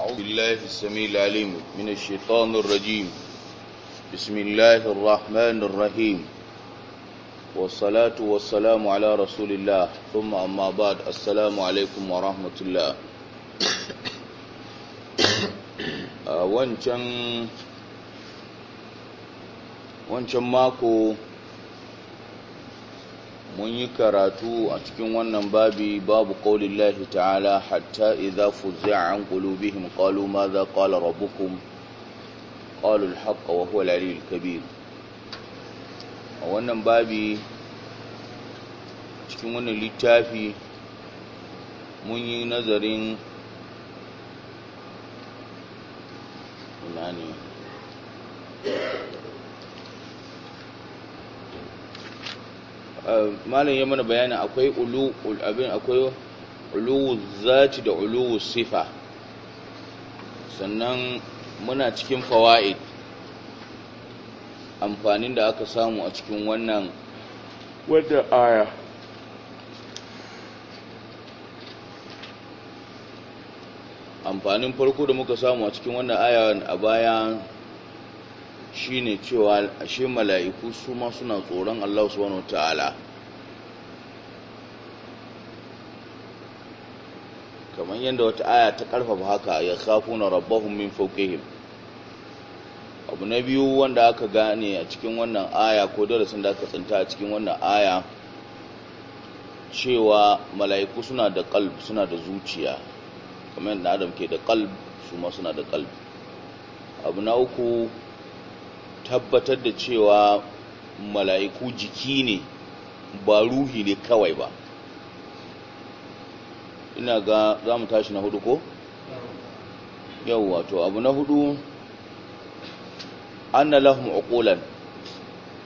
أعوذ بالله السميع العليم من الشيطان الرجيم بسم الله الرحمن الرحيم والصلاة والسلام على رسول الله ثم أما بعد السلام عليكم ورحمة الله wancan wancan mako mun yi karatu a cikin wannan babi babu qaulillahi ta'ala hatta idza fuz'a an qulubihim qalu madha qala rabbukum qalu al-haqq wa huwa al-aliyyul kabir a wannan babi cikin wannan littafi mun yi nazarin ina ne malam ya mana bayani akwai ulu abin akwai uluwu zati da uluwu sifa sannan muna cikin fawaid amfanin da aka samu a cikin wannan wadda aya amfanin farko da muka samu a cikin wannan aya a baya shine cewa ashe mala'iku su ma suna tsoron Allah subhanahu ta'ala. kamar yadda wata aya ta ƙarfafa haka ya na rabbahum min faukihim abu na biyu wanda aka gane a cikin wannan aya ko darasin da aka tsinta a cikin wannan aya cewa mala'iku suna da kalb suna da zuciya kamar yadda adam ke da kalb su ma suna da kalb abu na uku tabbatar da cewa mala'iku jiki ne ba ruhi ne kawai ba ina ga za mu tashi na hudu ko yau wato abu na hudu anna lahum uqulan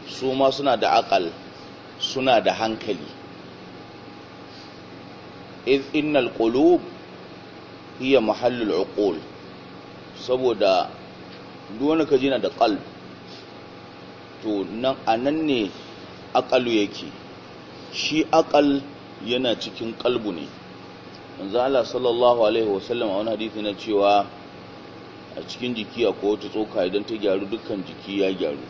su ma suna da aƙal, suna da hankali iz innal qulub hiya mahallul uqul saboda duwane ka jina da qalb to nan anan ne aqalu yake shi aqal yana cikin qalbu ne manzo Allah sallallahu alaihi wasallam a wani hadisi na cewa a cikin jiki akwai wata tsoka idan ta gyaru dukkan jiki ya gyaru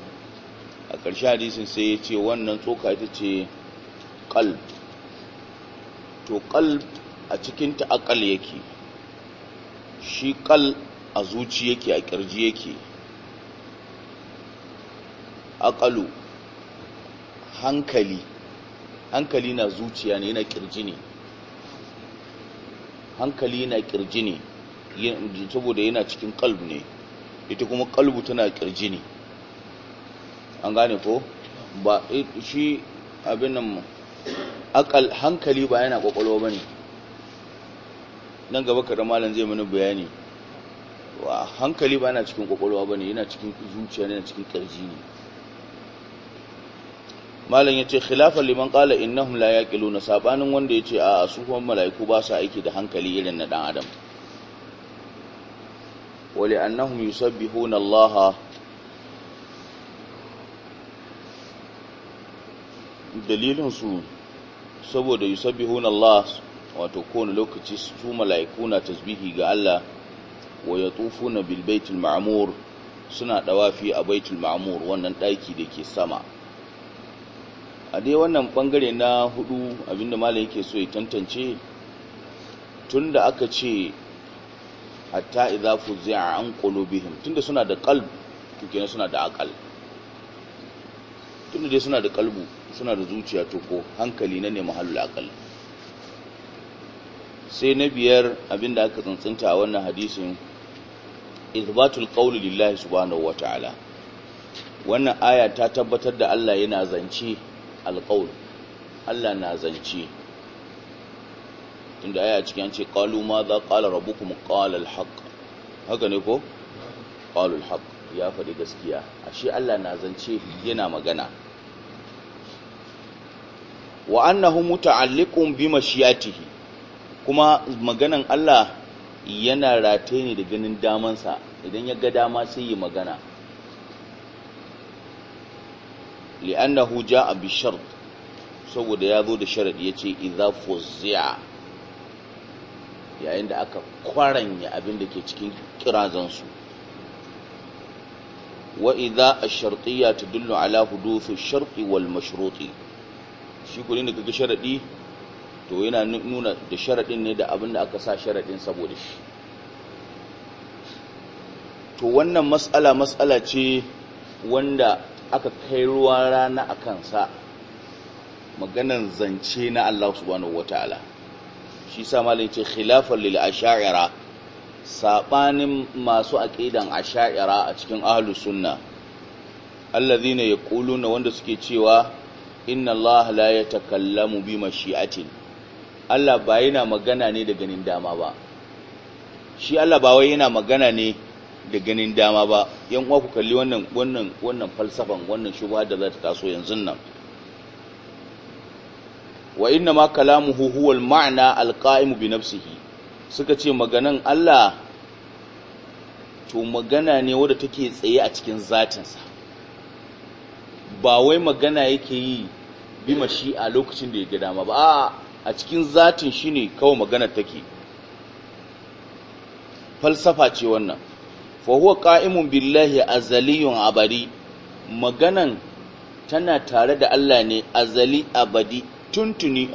a ƙarshe hadisin sai ya ce wannan tsoka ita ce ƙal. to ƙal a cikin ta aqal yake shi ƙal a zuci yake a ƙirji yake aqalu hankali hankali na zuciya ne yana ƙirji ne hankali na kirji ne saboda yana cikin kalb ne ita kuma kalbu tana kirji ne an gane ko ba shi abin nan akal hankali ba yana kwakwalwa ba ne nan gaba kada malam zai mana bayani hankali ba yana cikin kwakwalwa ba ne yana cikin zuciya yana cikin kirji ne malam ya ce, Khilafar liman qala innahum la yaqiluna sabanin wanda ya ce a su kuma malaiku ba su aiki da hankali irin na dan adam wali annahum yusabbihuna allaha dalilin su saboda yusabbihuna allah wato kowane lokaci su mala'iku na tasbihi ga Allah wa yatufuna bil baitul ma'mur suna ɗawafi a baitul ma'mur wannan da ke sama a dai wannan bangare na hudu abinda malam yake so ya tantance tunda aka ce hatta idza fuzia an qulubihim tunda suna da qalb to kenan suna da akal tunda dai suna da qalbu suna da zuciya to ko hankali na ne mahallul akal sai na biyar abinda aka tsantsanta a wannan hadisin izbatul qawli lillahi subhanahu wataala wannan aya ta tabbatar da Allah yana zance alƙaul Allah na zance tunda aya cikin ce ƙalu ma za rabu kuma ƙala alhaƙ haka ne ko qalu alhaƙ ya faɗi gaskiya ashe Allah na zance yana magana wa annahu muta'alliqun bi mashiyatihi kuma maganan Allah yana rataye ne da ganin damansa idan ya ga dama sai yi magana li'annahu ja'a bi shart saboda ya zo da sharadi yace idza fuzia yayin da aka kwaranya abin da ke cikin kirazan su wa idza ash-shartiyya tadullu ala huduth ash-sharti wal mashruti shi kudin da kaga sharadi to yana nuna da sharadin ne da abin da aka sa sharadin saboda shi to wannan mas'ala mas'ala ce wanda aka kai ruwa rana a kansa maganan zance na Allah subhanahu wataala shi sa malai ce khilafan lil asha'ira sabanin masu aqidan asha'ira a cikin ahlus sunna alladhina yaquluna wanda suke cewa inna Allah la yatakallamu bi mashi'ati Allah ba yana magana ne da ganin dama ba shi Allah ba wai yana magana ne da ganin dama ba yan uwa ku kalli wannan wannan wannan falsafan wannan shubha da za ta taso yanzu nan wa inna ma kalamuhu huwa ma'ana mana al-qa'im bi nafsihi suka ce maganan Allah to magana ne wadda take tsaye a cikin zatinsa ba wai magana yake yi bi a lokacin da ya ga dama ba a a cikin zatin shine kawai magana take falsafa ce wannan fa huwa qa'imun billahi azaliyun abadi maganan tana tare da Allah ne azali abadi tuntuni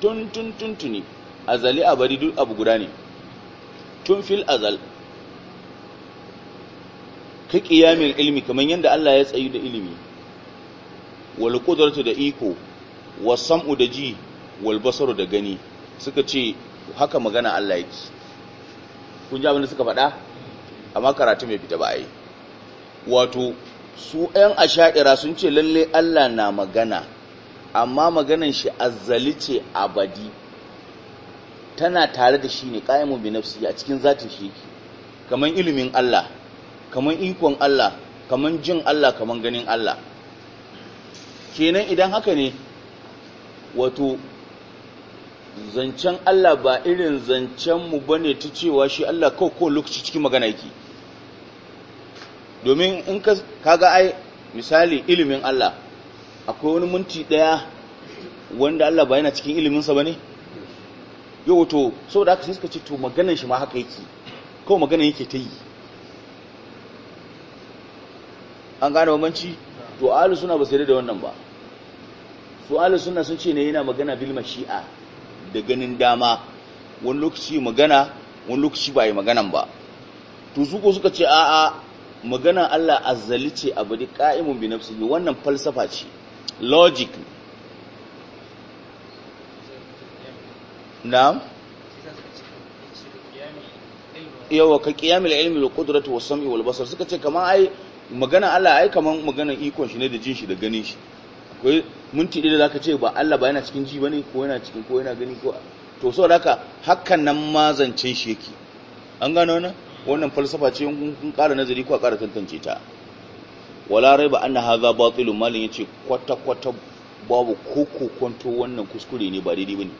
tun tuntuni azali abadi duk abu guda ne tun fil azal ka ƙiyamin ilmi kamar yadda Allah ya tsayu da ilimi wal qudratu da iko was sam'u da ji wal basaru da gani suka ce haka magana Allah yake kun ji abin da suka faɗa amma karatu mai fita ba a yi wato su 'yan asha'ira sun ce lalle Allah na magana amma maganan shi azzali ce abadi tana tare da shi ne ƙayamu bi nafsi a cikin zatin shi kamar ilimin Allah kamar ikon Allah kamar jin Allah kamar ganin Allah kenan idan haka ne wato zancen Allah ba irin zancen mu bane ta cewa shi Allah kawai ko lokaci cikin magana yake domin in ka ga ai misali ilimin Allah akwai wani minti daya wanda Allah ba yana cikin iliminsa ba ne yau to saboda haka sai suka ce to maganan shi ma haka yake kawai maganan yake ta yi an gane bambanci to ahlus suna ba sai da wannan ba su ahlus suna sun ce ne yana magana bil mashi'a da ganin dama wani lokaci magana wani lokaci ba yi maganan ba to su ko suka ce a'a magana Allah azzali ce abu da ka'imun bi nafsihi wannan falsafa ce logic na'am yawa ka qiyamul ilmi da ƙudurata was sam'i walbasar suka ce kama ai magana Allah ai kaman magana ikon shi ne da jin shi da ganin shi akwai minti da zaka ce ba Allah ba yana cikin ji ba ne, ko yana cikin ko yana gani ko to da haka hakan nan ma zancen shi yake an gano wannan wannan falsafa ce kun ƙara nazari ko a ƙara tantance ta wala annaha anna hadha batilun malin yace kwata kwata babu koko kwanto wannan kuskure ne ba daidai bane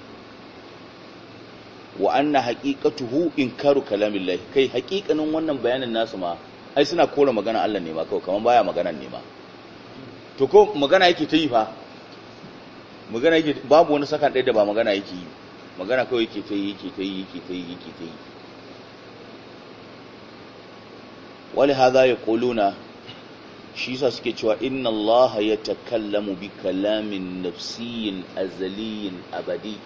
wa anna haqiqatuhu inkaru kalamillahi kai haqiqanin wannan bayanin nasu ma ai suna kora magana Allah ne ma kawai kaman baya magana ne ma to ko magana yake ta yi fa magana yake babu wani sakan ɗaya da ba magana yake yi magana kawai yake ta yi yake ta yi yake ta yi yake ta yi wali haza ya ƙuluna shi sa suke cewa inna allaha ya takallamu bi kalamin nafsiyin azaliyin abadi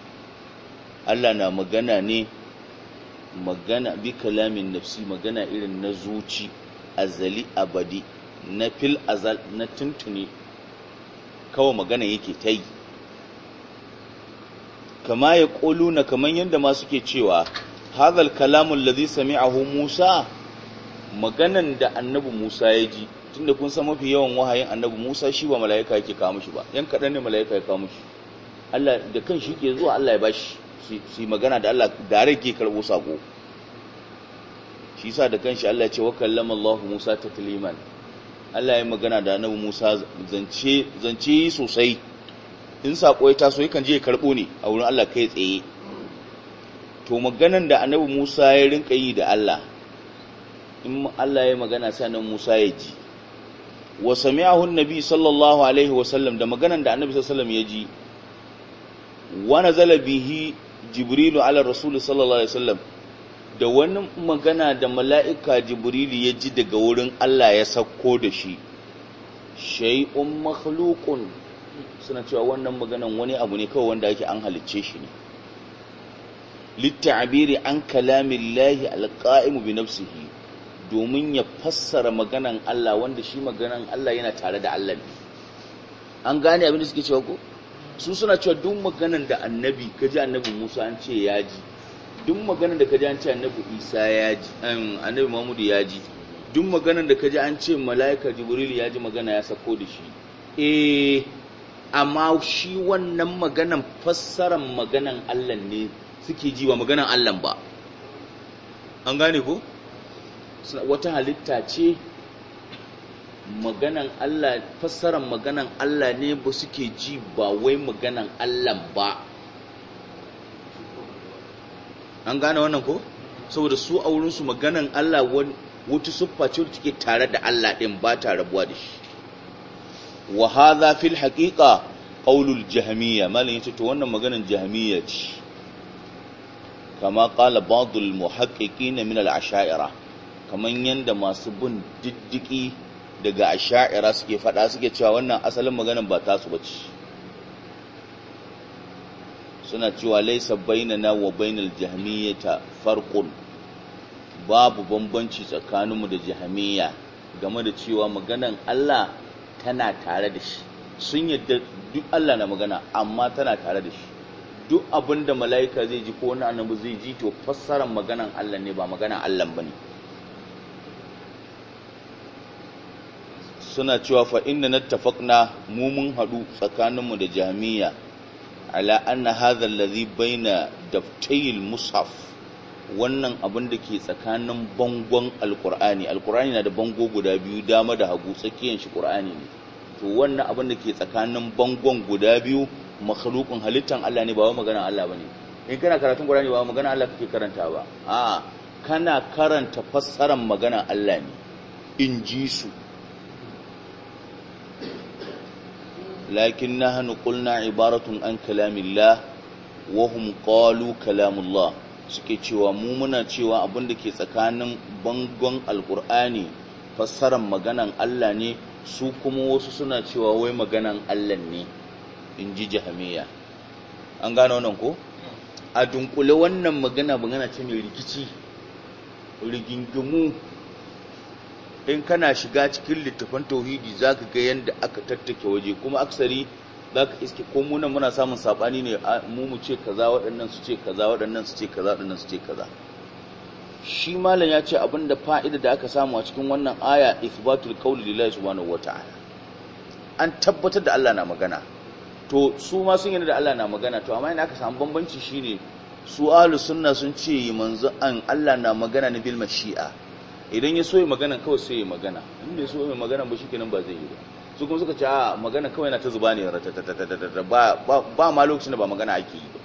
allah na magana ne magana bi kalamin nafsi magana irin na zuci azali abadi na fil azal na tuntuni kawai magana yake ta yi kama ya ƙuluna kamar yadda ma suke cewa hazal kalamun lazi sami'ahu musa maganan da annabi Musa ya ji tunda kun san mafi yawan wahayin annabi Musa shi ba mala'ika yake kawo mishi ba yan kaɗan ne mala'ika ya kawo mishi Allah da kan shi ke zuwa Allah ya bashi su magana da Allah da rage karɓo sako shi sa da kanshi Allah ya ce wa kallama Allah Musa ta takliman Allah ya magana da Annabi Musa zance zance sosai in sako ya taso yakan je ya karbo ne a wurin Allah kai tsaye to maganan da Annabi Musa ya rinka yi da Allah in Allah ya magana sanan Musa ya ji wa sami'ahu annabi sallallahu alaihi wa sallam da maganan da annabi sallallahu alaihi wa sallam ya ji wa nazala bihi jibrilu ala rasul sallallahu alaihi wa sallam da wani magana da mala'ika jibrilu ya ji daga wurin Allah ya sako da shi shay'un makhluqun suna cewa wannan maganan wani abu ne kawai wanda ake an halicce shi ne littabiri an kalamin lahi alƙa'imu bi nafsihi domin ya fassara maganan Allah wanda shi maganan Allah yana tare da Allah ne an gane abin da suke cewa ko su suna cewa duk maganan da annabi kaji annabi Musa an ce ya ji duk maganan da kaji an ce annabi Isa ya ji annabi Muhammadu ya ji duk maganan da kaji an ce mala'ika Jibril ya ji magana ya sako da shi eh amma shi wannan maganan fassaran maganan Allah ne suke ji wa maganan Allah ba an gane ko wata halitta ce maganan Allah fassarar maganan Allah ne ba suke ji ba wai maganan Allah ba an gane wannan ko saboda su a wurinsu maganan Allah wata su ce wata take tare da Allah ɗin ba ta rabuwa da shi wa hadha fil haqiqa qaulul jahmiyya malan yace to wannan maganan jahamiya ce kama qala ba'dul muhaqqiqin min al ashaira kamar yadda masu bin diddiki daga asha'ira suke faɗa suke cewa wannan asalin maganan ba ta su bace suna cewa laisa bainana wa bainal ta farqun babu bambanci tsakaninmu da jahmiya game da cewa maganan Allah tana tare da shi sun yadda duk Allah na magana amma tana tare da shi duk abin da mala'ika zai ji ko wani annabi zai ji to fassarar maganan Allah ne ba maganan Allah ba ne. suna cewa fa inna nattafaqna mu mun hadu tsakaninmu da jami'a ala anna hadha alladhi baina daftayil mushaf wannan abin da ke tsakanin bangon alkur'ani alkur'ani na da bango guda biyu dama da hagu tsakiyar shi qur'ani ne to wannan abin da ke tsakanin bangon guda biyu makhluqun halittan Allah ne ba wa magana Allah bane in kana karatun qur'ani ba magana Allah kake karanta ba a kana karanta fassarar magana Allah ne in ji su lakin قلنا qulna ibaratun an الله وهم قالوا كلام kalamullah suke cewa mu muna cewa abin da ke tsakanin bangon alkur'ani fassarar maganan Allah ne su kuma wasu suna cewa wai maganan Allah ne in ji jahamiya an gano wannan ko a dunkule wannan magana magana ce mai rikici rigingimu in kana shiga cikin littafan tauhidi za ka ga yadda aka tattake waje kuma aksari za ka iske ko munan muna samun saɓani ne mu mu ce kaza waɗannan su ce kaza waɗannan su ce kaza waɗannan su ce kaza shi malam ya ce abin da fa'ida da aka samu a cikin wannan aya isbatul qawli lillahi subhanahu wata'ala an tabbatar da Allah na magana to su ma sun yi da Allah na magana to amma ina aka samu bambanci shine su ahlus sunna sun ce manzo an Allah na magana ne bil mashi'a idan ya so ya magana kawai sai ya magana in bai so ya magana ba shikenan ba zai yi ba su kuma suka ce a magana kawai na ta zuba ne ba ma lokacin da ba magana ake yi ba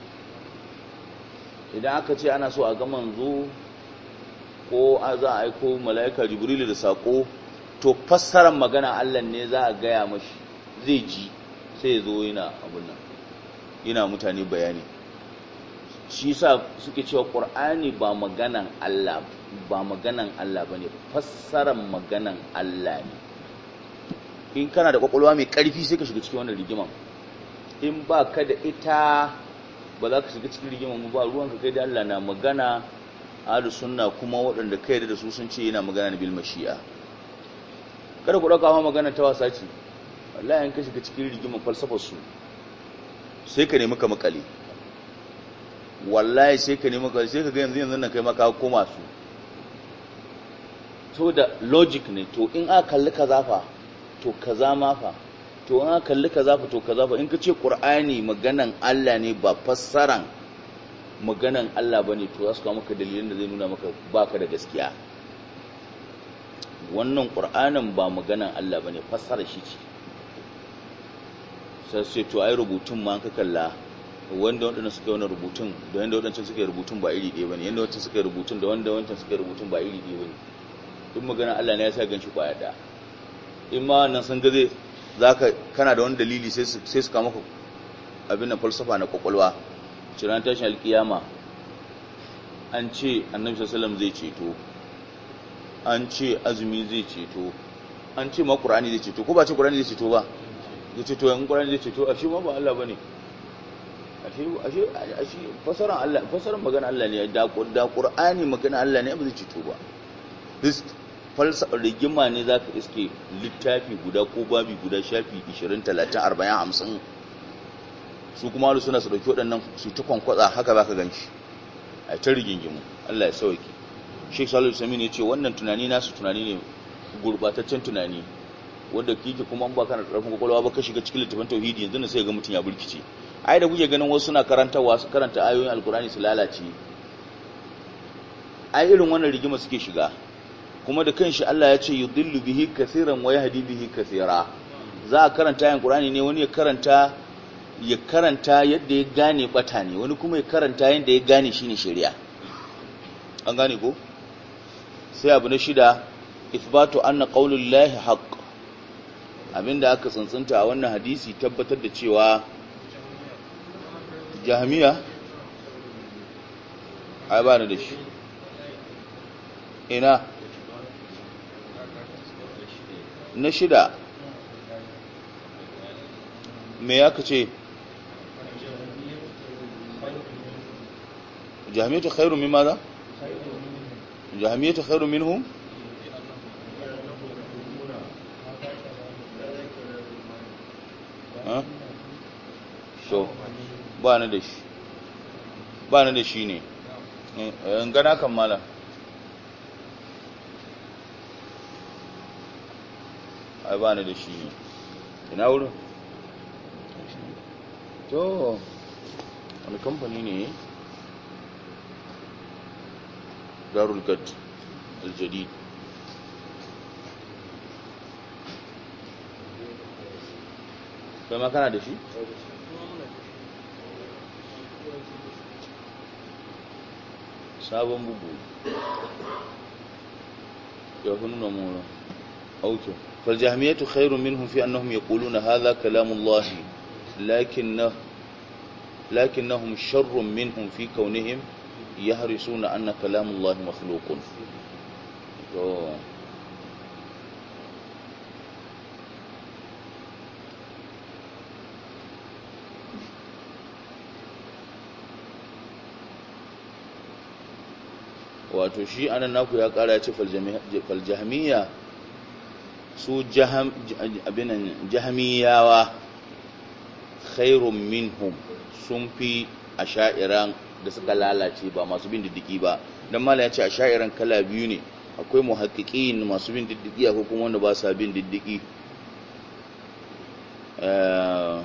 idan aka ce ana so a ga zo ko a za a aiko mala'ika jibrilu da sako to fassarar magana Allah ne za a gaya mashi zai ji sai ya zo yana abun nan yana mutane bayani shi sa suke cewa ƙur'ani ba maganan Allah ba maganan Allah bane fassarar maganan Allah ne in kana da ƙwaƙwalwa mai ƙarfi sai ka shiga cikin wannan rigima. in ba ka da ita ba za ka shiga cikin rigima ba ruwan ka kai da Allah na magana ahlus sunna kuma waɗanda kai da su sun ce yana magana na bil mashi'a kada ku ɗauka magana ta wasa ce wallahi in ka shiga cikin rigima falsafar su sai ka nemi ka makale wallahi sai ka nemi sai ka ga yanzu yanzu nan kai maka koma su to da logic ne to in aka kalli ka zafa to kaza ma fa to in aka kalli ka zafa to kaza fa in ka ce qur'ani maganan Allah ne ba fassaran maganan Allah bane to za su kawo maka dalilin da zai nuna maka baka da gaskiya wannan ƙur'anin ba maganan Allah ba ne fassara shi ce sai sai to ai rubutun ma ka kalla wanda waɗanda suka yi rubutun da wanda waɗancan suka yi rubutun ba iri ɗaya bane yadda wancan suka yi rubutun da wanda wancan suka yi rubutun ba iri ɗaya bane duk magana Allah ne ya sa ganshi kwaya ɗaya in ma wannan sun gaze ka kana da wani dalili sai su kama ku abin da falsafa na kwakwalwa ciran tashin alkiyama an ce annabi sallallahu zai ceto an ce azumi zai ceto an ce ma ƙur'ani zai ceto ko ba ce ƙur'ani zai ceto ba zai ceto yan qur'ani zai ceto a shi ma ba Allah ba ne. ashe fasaran Allah fasaran magana Allah ne da Qur'ani magana Allah ne ba zai cito ba falsafa rigima ne zaka iske littafi guda ko babi guda shafi 20 30 40 50 su kuma alu suna su dauki waɗannan su ta kwankwatsa haka baka ganci. a ta rigingimu Allah ya sauke Sheikh Salihu Sami ne ce wannan tunani nasu tunani ne gurbataccen tunani wanda kike kuma ba kana da ƙarfin kwakwalwa ba ka shiga cikin littafin tauhidi yanzu ne sai ga mutun ya burkice ai da kuke ganin wasu suna karantarwa su karanta ayoyin alkurani su lalace ai irin wannan rigima suke shiga kuma da kanshi Allah ya ce yudillu bihi kaseeran wa yahdi bihi kaseera za a karanta ayoyin alkurani ne wani ya karanta ya karanta yadda ya gane bata ne wani kuma ya karanta yadda ya gane shine shari'a an gane ko sai abu na shida ithbatu anna qaulullahi haqq abinda aka tsuntsunta a wannan hadisi tabbatar da cewa jahamiya a ba ni da shi ina na shida me ya kace ta khairu mimma za ta khairu minhum ba ni da shi ba ni da shi ne eh, in gana kan mala ai ba ni da shi ne ina wurin to wani kamfani ne darul gat aljadid kai ma kana da shi sabon bugu يكون نمونا أوتو فالجهمية خير منهم في أنهم يقولون هذا كلام الله لكنه لكنهم شر منهم في كونهم يهرسون أن كلام الله مخلوق wato shi anan naku ya kara ya ce faljahmiya su jahamiyawa khairun minhum sun fi a sha'iran da suka lalace ba masu bin diddiki ba don mala ya ce a sha'iran kala biyu ne akwai muhakkikin masu bin diddiki akwai kuma wanda ba sa bin diddiki eh,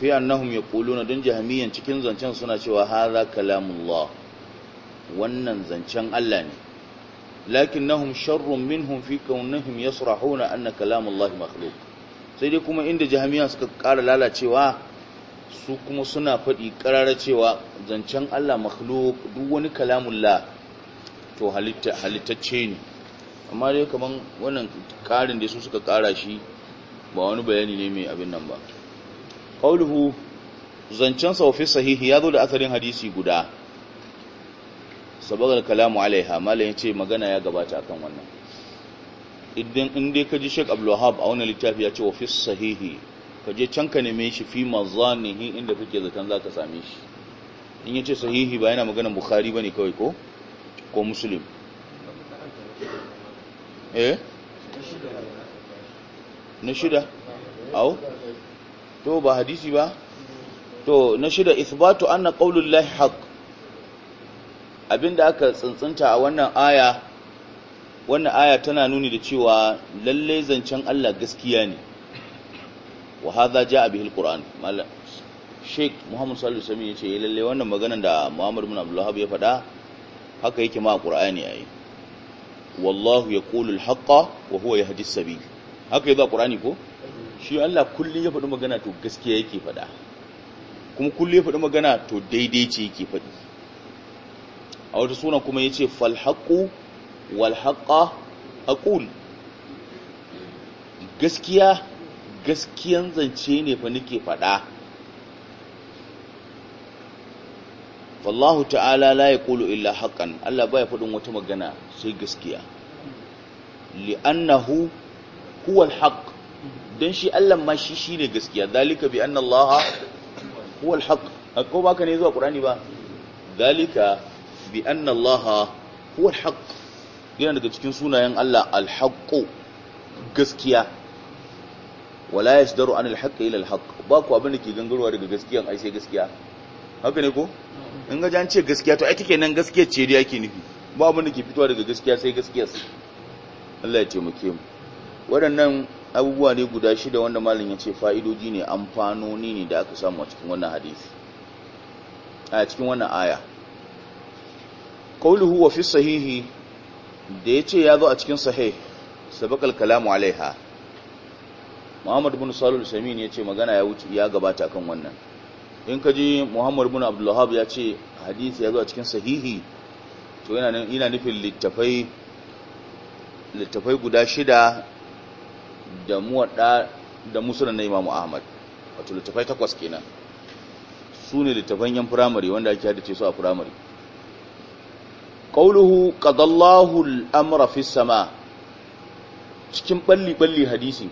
fi annahum yaquluna don jahmiyan cikin zancen suna cewa hadha kalamullah wannan zancen Allah ne nahum sharrun minhum fi kaunihim yasrahuna anna kalamullahi makhluq sai dai kuma inda jahamiya suka ƙara lalacewa su kuma suna faɗi ƙarara cewa zancen Allah makhluq duk wani kalamullah to halitta halittacce ne amma dai kaman wannan ƙarin da su suka ƙara shi ba wani bayani ne mai abin nan ba qauluhu zancen sa fi ya zo da asalin hadisi guda sabagar kalamu alaiha malayin ce magana ya gabata akan wannan idan in dai kaji Sheikh Abdul a wani littafi ya ce wa fi sahihi je can ka neme shi fi mazanihi inda kake zaton za ka same shi in ce sahihi ba yana maganar Bukhari ne kawai ko ko Muslim eh na shida au to ba hadisi ba to na shida isbatu anna qawlullahi haqq abinda aka tsuntsunta a wannan aya wannan aya tana nuni da cewa lalle zancen Allah gaskiya ne wa hadha jaa bihi alquran mallam sheikh muhammad sallallahu alaihi wasallam yace eh, lalle wannan magana da muhammad ibn abdullah ya faɗa haka yake ma qur'ani yayi wallahu yaqulu alhaqa wa huwa yahdi as-sabil haka yaza qur'ani ko shi Allah kullun ya faɗi magana to gaskiya yake faɗa kuma kullun ya faɗi magana to daidai ce yake faɗi a wata suna kuma ya ce falhaƙu walhaƙa haƙul gaskiya gaskiyan zance ne fa nake faɗa wallahu ta'ala la ƙulu illa haƙan, Allah baya faɗin wata magana sai gaskiya li'annahu huwal haƙ. Don shi Allah ma shi ne gaskiya dalika bi anna Allah huwa al-haqq baka ne zuwa Qur'ani ba dalika bi anna Allah huwa al yana daga cikin sunayen Allah al gaskiya wala yasdaru an al-haqq ila al ba ku abin da ke gangarwa daga gaskiyan ai sai gaskiya haka ne ko in ga an ce gaskiya to ai take nan gaskiyar ce da yake nufi ba abin da ke fitowa daga gaskiya sai gaskiya Allah ya taimake mu waɗannan abubuwa ne guda shida wanda malam ya ce fa'idoji ne amfanoni ne da aka samu a cikin wannan hadisi a cikin wannan aya kauluhu wa fi sahihi da ya ce ya zo a cikin sahih sabakal kalamu alaiha muhammadu bin Salul Samin ya ce magana ya wuce ya gabata kan wannan in ka ji Muhammadu bin Abdullahab ya ce hadisi ya zo a cikin sahihi to yana nufin littafai littafai guda shida da muwaɗa da musulun na imamu Ahmad wato littafai takwas kenan su ne littafan yan firamare wanda ake ce su a firamare ƙauluhu ƙadallahu al'amura fi sama cikin ɓalli-ɓalli hadisi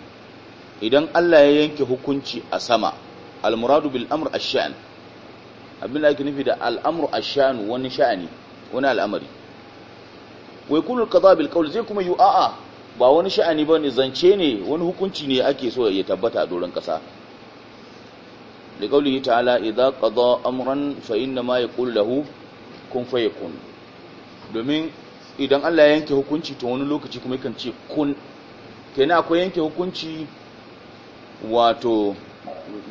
idan Allah ya yanke hukunci a sama al-muradu bil amr ash sha'an. abin da ake nufi da al'amru ash sha'an wani sha'ani wani al'amari wai kullu qada bil qawl zai kuma yu'a ba wani sha'ani bane zance ne wani hukunci ne ake so ya tabbata a doron kasa li qawlihi ta'ala idza qada amran fa inna ma yaqulu lahu kun fayakun domin idan Allah ya yanke hukunci ta wani lokaci kuma ikan ce kun kenan akwai yanke hukunci wato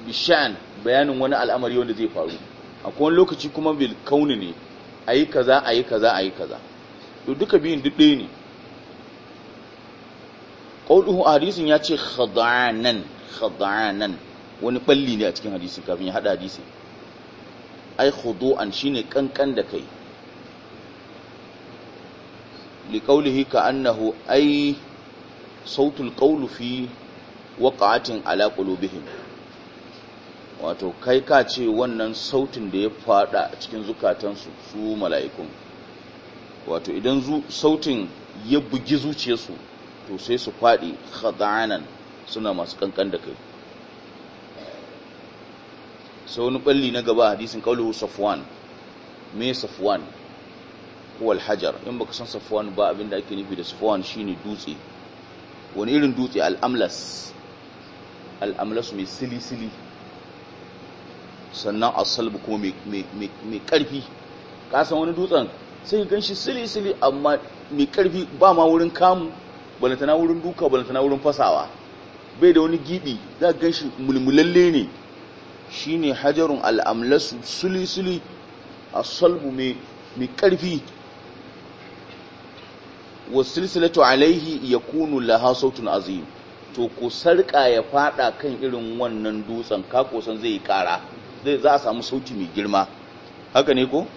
bishan bayanin wani al'amari wanda zai faru akwai wani lokaci kuma bil kauni ne ayi kaza ayi kaza ayi kaza to duka biyun duk ɗaya ne qauluhu hadisin ya ce khadanan khadanan wani balli ne a cikin hadisi kafin ya haɗa hadisi ai khudu'an shine kankan da kai لقوله ka annahu ai القول في وقعة waƙa'atin قلوبهم wato kai ka ce wannan sautin da ya fada cikin zukatansu su mala'ikun wato idan sautin ya bugi zuciyarsu to sai su faɗi khadanan suna masu kankan da kai sai wani ɓalli na gaba hadisin ƙaunar safwan me safwan huwal hajar in baka san safwan ba abinda ake nufi da safwan shine dutse wani irin dutse al'amlas al'amlas mai sili-sili sannan asalbu kuma mai karfi kasan wani dutsen sai gan shi sili-sili amma mai karfi ba ma wurin kamu balantana wurin duka balantana wurin fasawa bai da wani gibi za gan shi mulmulalle ne shi ne hajarun al'amlasu sili-sili asalbu mai karfi wasilsilatu alaihi ya laha sautun azim to ku sarƙa ya fada kan irin wannan dutsen ka zai zai kara zai za a samu sauti mai girma haka ne ko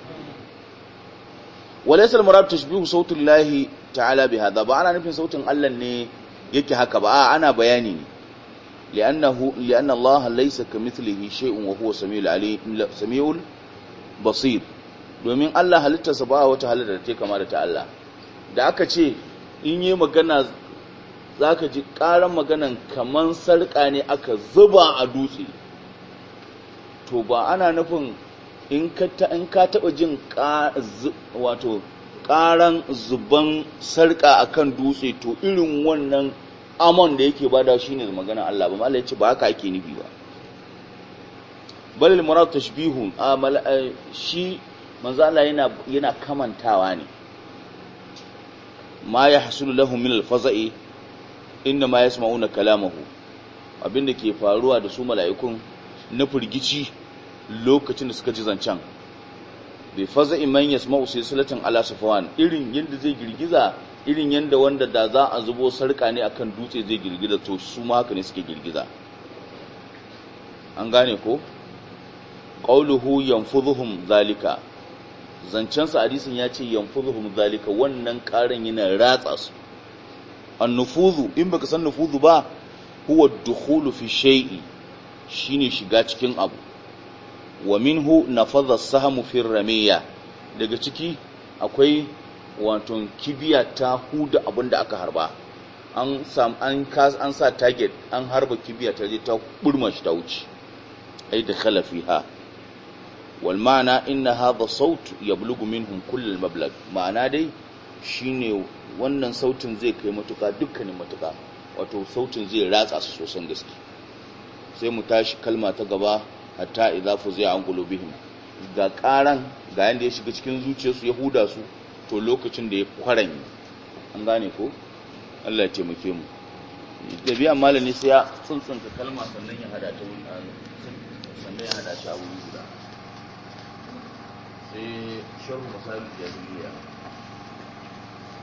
murabta shi tashbihu sautin lahi ta'ala bi hada ba ana nufin sautin Allah ne yake haka ba ana bayani ne li'annahu laisa laisa ka kamithlihi shay'un wa huwa samiul basir domin Allah halittarsa ba wata halitta da ta kama da ta Allah da aka ce in yi magana za ka ji ƙaran maganan kamar sarƙa ne aka zuba a dutse to ba ana nufin in ka taɓa jin wato ƙaran zuban sarƙa akan dutse to irin wannan amon da yake bada shi ne magana Allah ba mala ya ce ba haka ake nufi ba balil murad tashbihun eh, shi manzo Allah yana kamantawa ne ma ya hasulu lahum min alfaza'i inna ma yasma'una kalamahu abinda ke faruwa da su mala'ikun na firgici lokacin da suka ji zancen bai faza'i man ya sama silsilatin ala safawan irin yadda zai girgiza irin yadda wanda da za a zubo sarka ne akan dutse zai girgiza to su ma haka ne suke girgiza an gane ko qauluhu yanfudhuhum zalika Zancen sa hadisin ya ce yanfuzuhum zalika wannan karin yana ratsa su an nufuzu in baka san nufuzu ba huwa dukhulu fi shay'i shine shiga cikin abu wa minhu nafadha sahmu fi ramiya daga ciki akwai wato kibiya ta huda abinda aka harba an sam an kas an sa target an harba kibiya ta je ta burma shi ta wuce ai da khalafiha wal ma'ana inna hadha saut yablughu minhum kullal mablagh ma'ana dai shine wannan sautin zai kai matuka dukkanin matuka wato sautin zai ratsa su sosan gaske sai mu tashi kalma ta gaba hatta idza zai an qulubihim ga ƙaran, ga yanda ya shiga cikin zuciyarsu ya huda su to lokacin da ya kwaran an gane ko Allah ya taimake mu da biyan malami sai ya tsuntsunta kalma sannan ya hada ta wuri sannan ya hada ta wuri guda sai shirin misali jahiliya